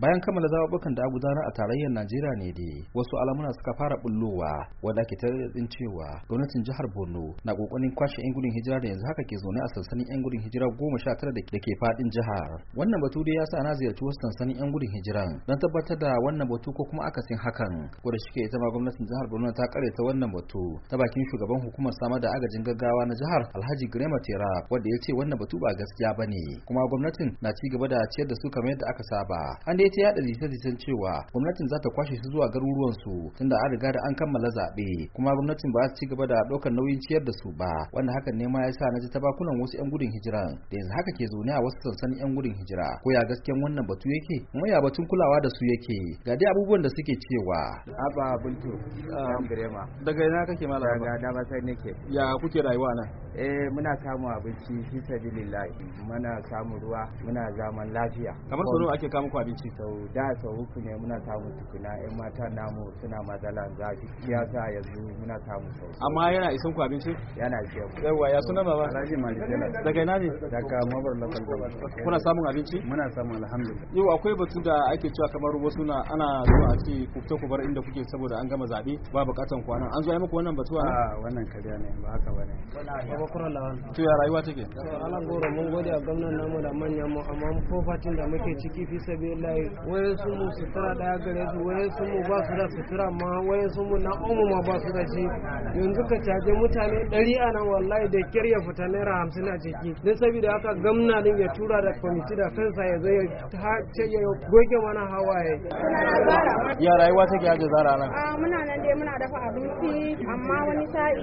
bayan kammala zaɓuɓɓukan da gudanar a tarayyar najeriya ne dai wasu alamuna suka fara bullowa wanda ke din cewa gwamnatin jihar borno na kokarin kwashe yan gudun hijira da yanzu haka ke zaune a sansanin yan gudun hijira goma sha tara da ke faɗin jihar wannan batu dai ya sa na ziyarci wasu sansanin yan gudun hijiran don tabbatar da wannan batu ko kuma akasin hakan ko da shike ita ma gwamnatin jihar borno ta ta wannan batu ta bakin shugaban hukumar samar da agajin gaggawa na jihar alhaji grema tera wanda ya ce wannan batu ba gaskiya ba ne kuma gwamnatin na ci gaba da ciyar da su kamar yadda aka saba an dai dai ta yada jita-jitan cewa gwamnatin za ta kwashe su zuwa garuruwan su tunda an riga da an kammala zaɓe kuma gwamnatin ba su ci gaba da ɗaukar nauyin ciyar da su ba wanda hakan ne ma ya sa na ji tabakunan wasu 'yan gudun hijiran da yanzu haka ke zaune a wasu sansanin 'yan gudun hijira ko ya gasken wannan batu yake kuma ya batun kulawa da su yake ga dai abubuwan da suke cewa. Aba Buntu, daga ina kake malama? Daga sai nake. Ya kuke rayuwa nan? Eh muna samun abinci fi sabilillahi, muna samun ruwa, muna zaman lafiya. Kamar sau ake kama ku abinci? sau da sau uku ne muna samu tukuna yan mata namu suna matsala zafi ya sa yanzu muna samu sau amma yana isan ku abinci yana ce mu yawa ya suna baba alhaji malikela daga ina ne daga mabar local government kuna samun abinci muna samun alhamdulillah yau akwai batu da ake cewa kamar wasu na ana zuwa a ce ku ta ku bar inda kuke saboda an gama zabe ba bukatan ku an zo ai muku wannan batu a wannan kariya ne ba haka bane ba kura lawan to ya rayuwa take to alan goro mun gode a gwamnatin namu da manyan mu amma ko fatin da muke ciki fi sabilillahi wayan sun mu sutura daya gare su wayan sun mu ba su da sutura ma wayan sun mu na umu ma ba su da shi yanzu ka caje mutane ɗari a nan wallahi da kyar ya fita naira hamsin a ciki don saboda haka gamna din ya tura da kwamiti da kansa ya zai ya goge mana hawaye. ya rayuwa take ya zara nan. Ah, muna nan dai muna dafa abinci amma wani sa'i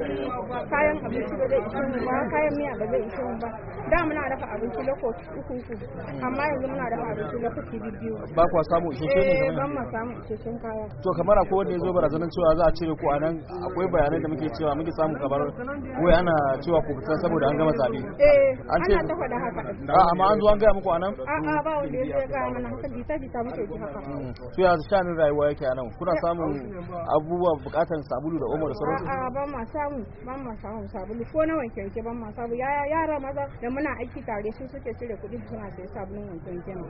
kayan abinci ba zai ishe mu ba kayan miya ba zai ishe mu ba da muna dafa abinci lokaci uku uku amma yanzu muna dafa abinci lokaci biyu ba kwa samu isasshe ne kamar eh, ba ma samu isasshen kaya to kamar akwai wanda ya zo barazanar cewa za a cire ku anan akwai bayanai da muke cewa muke samu kamar wai ana cewa ku fita saboda an gama zabe eh an ce ta faɗa haka a amma an zo an gaya muku anan a a ba wanda ya zo ya mana haka bita bita muke ji haka mm. to ya shanin rayuwa yake anan kuna samun abubuwa bukatan sabulu da omo da sauransu a ba ma samu ba ma samu sabulu ko na wanke wanke ba ma samu yara maza da muna aiki tare su suke cire kuɗi suna sai sabulun wanke wanke mu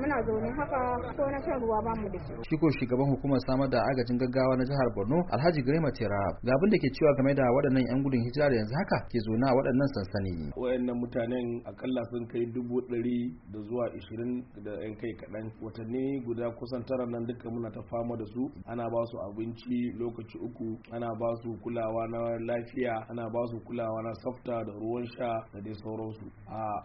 muna zo domin haka ko na shan ruwa ba mu da shi. Shi ko shugaban hukumar samar da agajin gaggawa na jihar Borno Alhaji Girma Tera ga abin da ke cewa game da waɗannan 'yan gudun hijira da yanzu haka ke zona waɗannan sansani. Waɗannan mutanen akalla sun kai dubu ɗari da zuwa ishirin da 'yan kai kaɗan watanni guda kusan tara nan duka muna ta fama da su ana ba su abinci lokaci uku ana ba su kulawa na lafiya ana ba su kulawa na tsafta da ruwan sha da dai sauransu.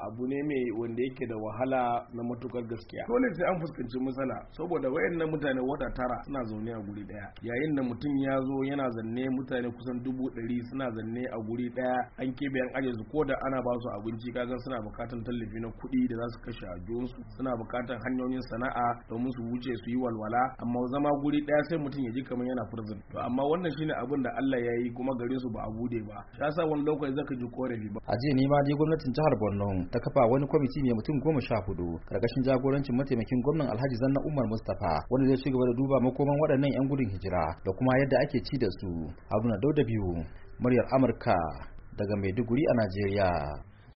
Abu ne mai wanda yake da wahala na matukar gaskiya. sai an fuskanci matsala saboda wayannan mutane wata tara suna zaune a guri daya yayin da mutum ya zo yana zanne mutane kusan dubu dari suna zanne a guri daya an keɓe an aje su ko da ana ba su abinci kaga suna bukatan tallafi na kuɗi da za su kashe a su suna bukatan hanyoyin sana'a domin su wuce su yi walwala amma zama guri daya sai mutum ya ji kamar yana furzin to amma wannan shine abin da Allah ya yi kuma gare su ba a bude ba ya sa wani lokaci zaka ji korafi ba a jiya ne ma je gwamnatin jihar Borno ta kafa wani kwamiti ne mutum goma sha hudu karkashin jagorancin mataimakin mataimakin gwamnan Alhaji Zanna Umar Mustapha wanda zai cigaba da duba makoman waɗannan 'yan gudun hijira da kuma yadda ake ci da su. Haruna Dauda biyu, muryar Amurka daga Maiduguri a Najeriya.